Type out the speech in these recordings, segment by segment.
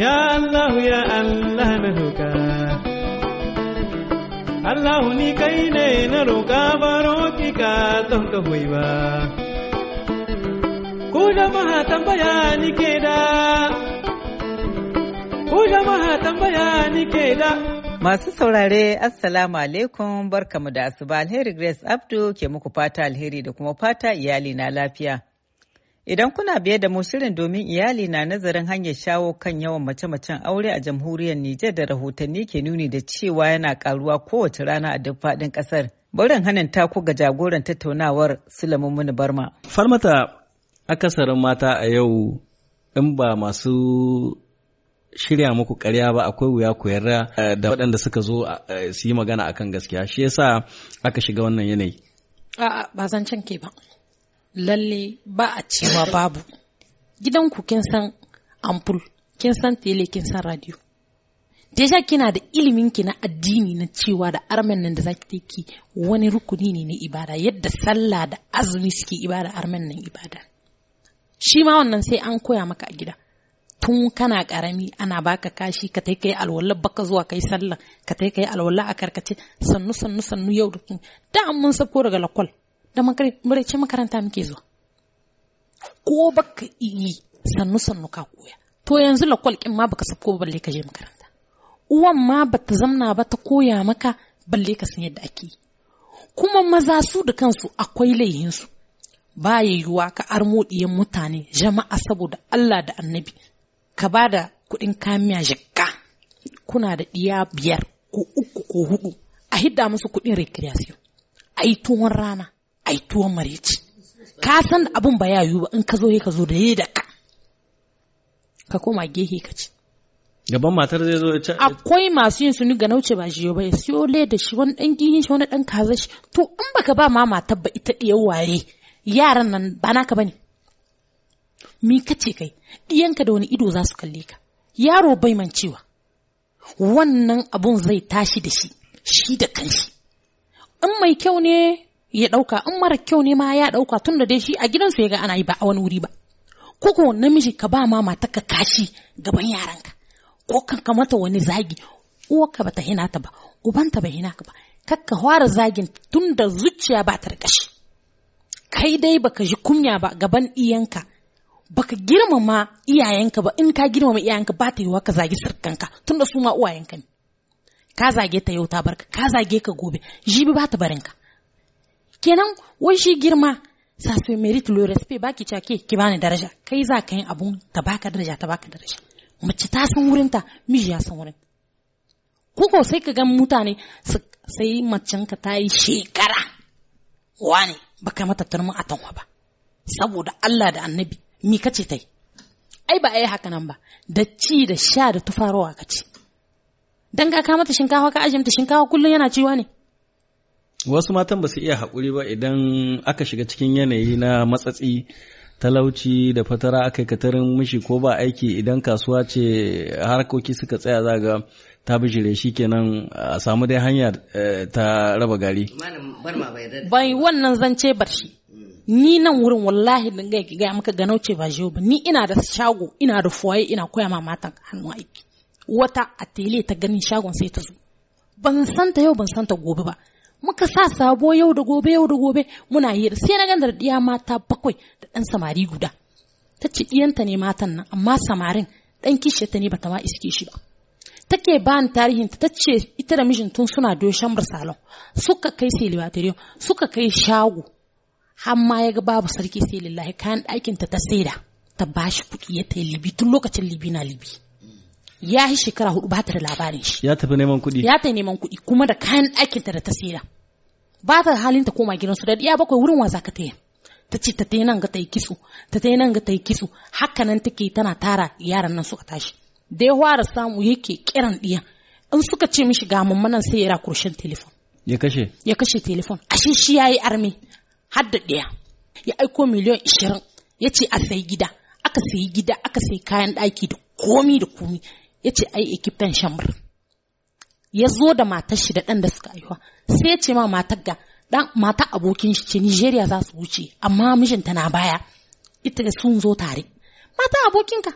Ya Allah ya Allah na roka, Allah ni kai ne na roka baro ki ka don ka hoyi ba Ku maha tambaya ni ke da Ku maha tambaya ni ke da Masu saurare Assalamu alaikum barkamu da asuba alheri Grace Abdu ke muku fata alheri da kuma fata iyali na lafiya Idan kuna biye da mu shirin domin iyali na nazarin hanyar shawo kan yawan mace-macen aure a jamhuriyar Nijar da rahotanni ke nuni da cewa yana karuwa kowace rana a duk faɗin ƙasar. Barin hanin taku ga jagoran tattaunawar Sulaiman Barma. Farmata akasarin mata a yau in ba masu shirya muku karya ba akwai wuya ku yarda eh, da waɗanda suka zo eh, su yi magana akan gaskiya shi yasa aka shiga wannan yanayi. A'a ba zan canke ba. lalle ba a cewa babu gidanku kin san ampul kin san tele kin san radio deja kina da ilimin ki na addini na cewa da armen nan da zaki ki wani rukuni ne na ibada yadda sallah da azumi suke ibada armen nan ibada shi ma wannan sai an koya maka a gida tun kana karami ana baka kashi ka tai kai alwala baka zuwa kai sallah ka tai kai alwala a karkace sannu sannu sannu yau da kun da mun sako daga lakwal da maraicin makaranta muke zuwa ko baka yi sannu sannu ka koya to yanzu lakwal kin ma baka sako balle ka je makaranta uwan ma bata zamna ba ta koya maka balle ka san yadda ake yi kuma maza su da kansu akwai laihinsu ba yiwuwa ka armodiyan mutane jama'a saboda Allah da annabi ka ba da kuɗin kamiya jikka kuna da ɗiya biyar ko uku ko hudu a hidda musu kuɗin recreation a yi tuwon rana ai tuwon mareci ka san abun ba ya yiwu ba in ka zo ka zo da yi da ka ka koma gehe ka ci gaban matar zai zo ya akwai masu yin sunu ga nauce ba jiyo ba ya siyo da shi wani dan gini shi wani dan kaza shi to in baka ba ma matar ba ita diyar ware yaran nan ba naka bane me kace kai diyanka da wani ido za su kalle ka yaro bai mancewa wannan abun zai tashi da shi shi da kanshi in mai kyau ne ya ɗauka in mara kyau ne ma ya ɗauka tun da dai shi a gidansu ya ga ana yi ba a wani wuri ba ko ko namiji ka ba ma mata ka kashi gaban yaranka ko kan ka mata wani zagi ka bata hina ta ba ubanta bai hina ka ba kakka fara zagin tun da zuciya ba ta da kashi kai dai baka ji kunya ba gaban iyanka baka girmama iyayenka ba in ka girmama iyayenka ba ta wa ka zagi sirkanka tun da su ma uwayenka ne ka zage ta yau ta barka ka zage ka gobe jibi ba ta barinka kenan wai shi girma sa su merit lo respect baki ki ke ki bani daraja kai za ka yin abun ta baka daraja ta baka daraja mace ta san wurin ta miji ya san wurin ko sai ka ga mutane sai macen ka ta yi shekara wane baka mata a tanwa ba saboda Allah da annabi mi kace tai ai ba ai haka nan ba da ci da sha da tufarowa kace dan ga ka mata shinkafa ka ajimta shinkafa kullun yana ciwa ne wasu matan ba su iya haƙuri ba idan aka shiga cikin yanayi na matsatsi talauci da fatara aka katarin mishi ko ba aiki idan kasuwa ce harkoki suka tsaya za ga ta bijire shi kenan a samu dai hanya eh, ta raba gari. Bai wannan zance bar shi. Ni nan wurin wallahi da gaya ki gaya maka ganau ce ba ba ni ina da shago ina da fuwaye ina koya ma matan hannu aiki. Wata a tele ta ganin shagon sai ta zo. Ban santa yau ban santa gobe ba. muka sa sabo yau da gobe yau da gobe muna hira sai na gandar diya mata bakwai da ɗan samari guda ta ci ɗiyanta ne matan nan amma samarin ɗan kishiyarta ne bata ma iske shi ba take ba ni tarihin ta ce ita da mijin tun suna doshen bursalon suka kai selibatoriyo suka kai shago har ma ya ga babu sarki sai lillahi kayan ɗakin ta ta saida ta bashi kuɗi ya ta libi tun lokacin libi na libi ya yi shekara hudu ba ta da labarin shi ya tafi neman kuɗi ya tafi neman kuɗi kuma da kayan ɗakinta da ta saida ba ta halin ta koma gidan su da iya bakwai wurin waza ka yi. ta ce ta nan ga ta yi kitso ta nan ga ta yi kitso haka nan take tana tara yaran nan suka tashi da ya fara samu yake kiran ɗiya in suka ce mishi ga nan sai ya ra kurshen telefon ya kashe ya kashe telefon ashe shi yayi arme har da ɗaya ya aiko miliyan ishirin ya ce a sayi gida aka sayi gida aka sayi kayan ɗaki da komi da komi ya ce ai ekipen shamar ya zo da matar shi da ɗan da suka aihuwa sai ya ce ma matar ga dan mata abokin shi ce Nigeria za su wuce amma mijinta na baya ita da sun zo tare mata abokinka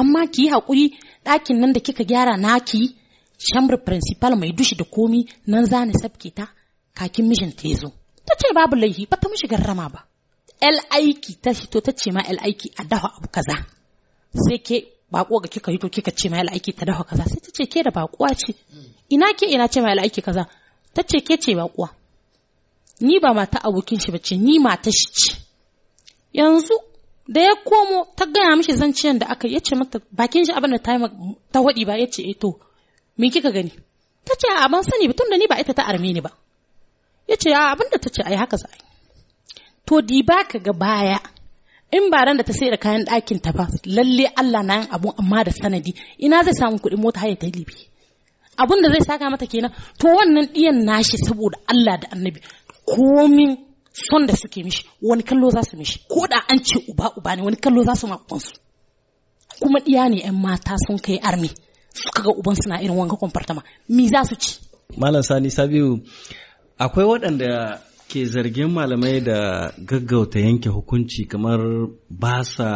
amma ki hakuri haƙuri ɗakin nan da kika gyara naki shamar principal mai dushi da komi nan za ni sabke ta kakin mijinta ya zo ta ce babu laifi ba ta mishi garrama ba el aiki ta fito ta ce ma el aiki a dafa abu kaza sai ke bako ga kika hito kika ce mai aiki ta dafa kaza sai ta ce ke da bakuwa ce ina ke ina ce mai aiki kaza ta ce ke ce bakuwa ni ba mata abokin shi bace ni mata shi ce yanzu da ya komo ta gaya mishi zanciyan da aka yace mata bakin shi abin da ta ta wadi ba yace eh to me kika gani ta ce a ban sani tun da ni ba ita ta arme ni ba yace a abin da ta ce ai haka za to di ba ka ga baya in ba ran da ta sayar da kayan ɗakin ta ba lalle Allah na yin abu amma da sanadi ina zai samu kuɗin mota haya ta libi abun da zai saka mata kenan to wannan ɗiyan nashi saboda Allah da annabi komin son da suke mishi wani kallo za su mishi ko da an ce uba uba ne wani kallo za su makonsu kuma ɗiya ne 'yan mata sun kai armi suka ga uban suna irin wanga ma mi za su ci malam sani sabiu akwai waɗanda ke zargin malamai da gaggauta yanke hukunci kamar ba sa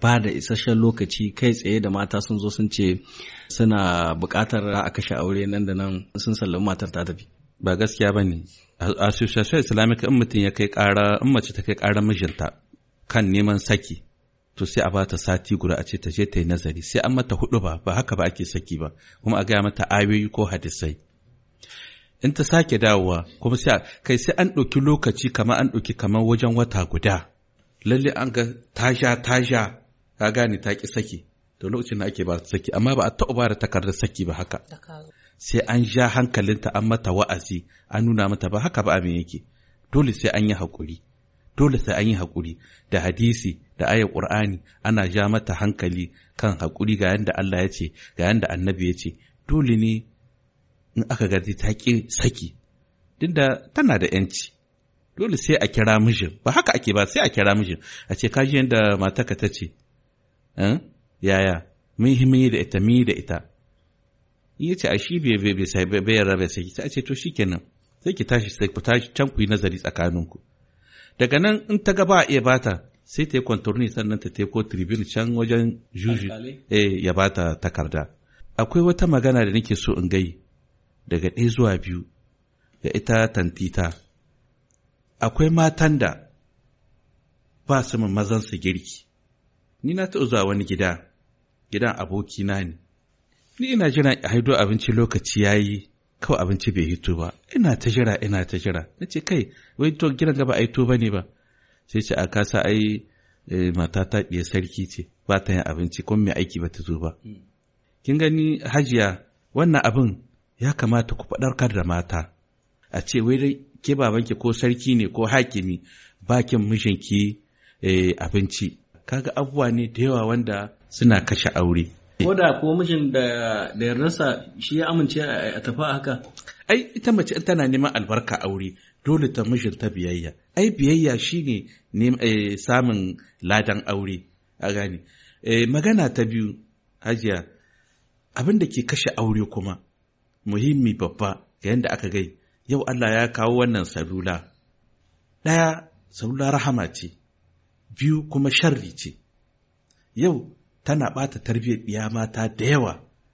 ba da isasshen lokaci kai tsaye da mata sun zo sun ce suna buƙatar a kashe aure nan da nan sun sallama matar ta tafi. Ba gaskiya ba ne. Association Islamic in mutum ya kai ƙara in mace ta kai ƙara mijinta kan neman saki to sai a ba ta sati guda a ce ta je ta yi nazari sai an mata hudu ba ba haka ba ake saki ba kuma a gaya mata ayoyi ko hadisai. in ta sake dawowa kuma sai kai sai an ɗauki lokaci kamar an ɗauki kamar wajen wata guda lalle an ga tasha tasha ka gane ta ki saki to lokacin da ake ba saki amma ba a taɓa ba da takardar saki ba haka sai an ja hankalinta an mata wa'azi an nuna mata ba haka ba abin yake dole sai an yi haƙuri dole sai an yi haƙuri da hadisi da ayar qur'ani ana ja mata hankali kan haƙuri ga yadda Allah ya ce ga yadda annabi ya ce dole ne in aka ga ta ki saki duk da tana da yanci dole sai a kira mijin ba haka ake ba sai a kira mijin a ce kaji yadda mataka ta ce eh, yaya yi da ita mi da ita in ya ce a shi bai yarda bai sai ta ce to shi kenan sai ki tashi sai ku tashi can ku yi nazari tsakaninku daga nan in ta gaba iya bata sai ta yi kwantorni sannan ta ta ko tribune can wajen juji eh, ya bata takarda akwai wata magana da nake so in gai daga ɗaya zuwa biyu da ita tantita akwai matan da ba su mazan su girki ni na taɓa zuwa wani gida gidan abokina ne ni ina jiran a haido abinci lokaci ya yi kawai abinci bai hito ba ina ta jira ina ta jira na ce kai wai to gidan gaba a hito ba ne ba sai ce a kasa ai eh, mata ta ɗiya sarki ce ba ta yin abinci kuma mai aiki ba ta zo ba hmm. kin gani hajiya wannan abin ya kamata ku faɗarkar da mata a ce wai dai ke babanki ko sarki ne ko hakimi bakin mijinki eh, abinci kaga abubuwa ne da yawa wanda suna kashe aure ko da ko mijin da da rasa shi ya amince a tafi haka ai ita mace in tana neman albarka aure dole ta mijin ta biyayya ai biyayya shine ne eh, samun ladan aure a gane eh, magana ta biyu hajiya abin da ke kashe aure kuma muhimmi babba ga yadda aka gai yau Allah ya kawo wannan salula ɗaya salula rahama ce biyu kuma sharri ce yau tana ɓata tarbiyyar ɗiya mata da yawa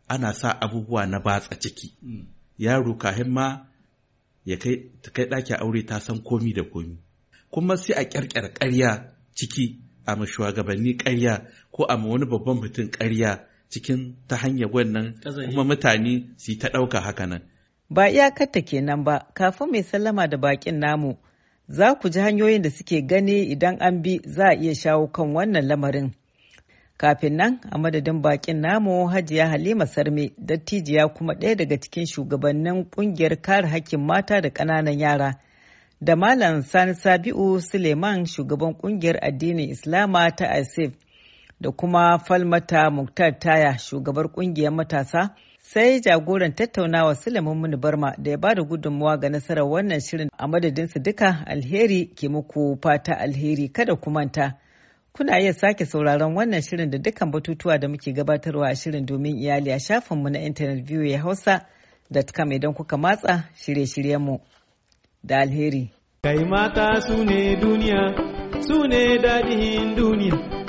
ana sa abubuwa na batsa ciki hmm. yaro kahin ma ya kai kai ɗakin aure ta san komi da komi kuma sai a ƙyarƙyar ƙarya ciki a ma shugabanni ƙarya ko a wani babban mutum ƙarya cikin ta hanyar wannan kuma mutane su ta ɗauka haka nan. Ba iyakarta kenan ba, kafin mai sallama da bakin namu, za ku ji hanyoyin da suke gani idan an bi za a iya shawo kan wannan lamarin. Kafin nan, a madadin bakin namu Hajiya Halima Sarme, dattijiya kuma ɗaya daga cikin shugabannin ƙungiyar kare hakkin mata da ƙananan yara. Da Malam Sani Sabi'u Suleiman shugaban ƙungiyar addinin Islama ta ISIF da kuma falmata muktar taya shugabar kungiyar matasa sai jagoran tattaunawa Sulaiman Muni Barma da ya bada gudunmuwa ga nasarar wannan shirin a su duka alheri ke muku fata alheri kada ku manta. Kuna iya sake sauraron wannan shirin da dukkan batutuwa da muke gabatarwa a shirin domin iyali a shafinmu na intanet ya hausa kama idan kuka matsa shirye-shiryenmu da alheri. Kai mata duniya, su ne duniya.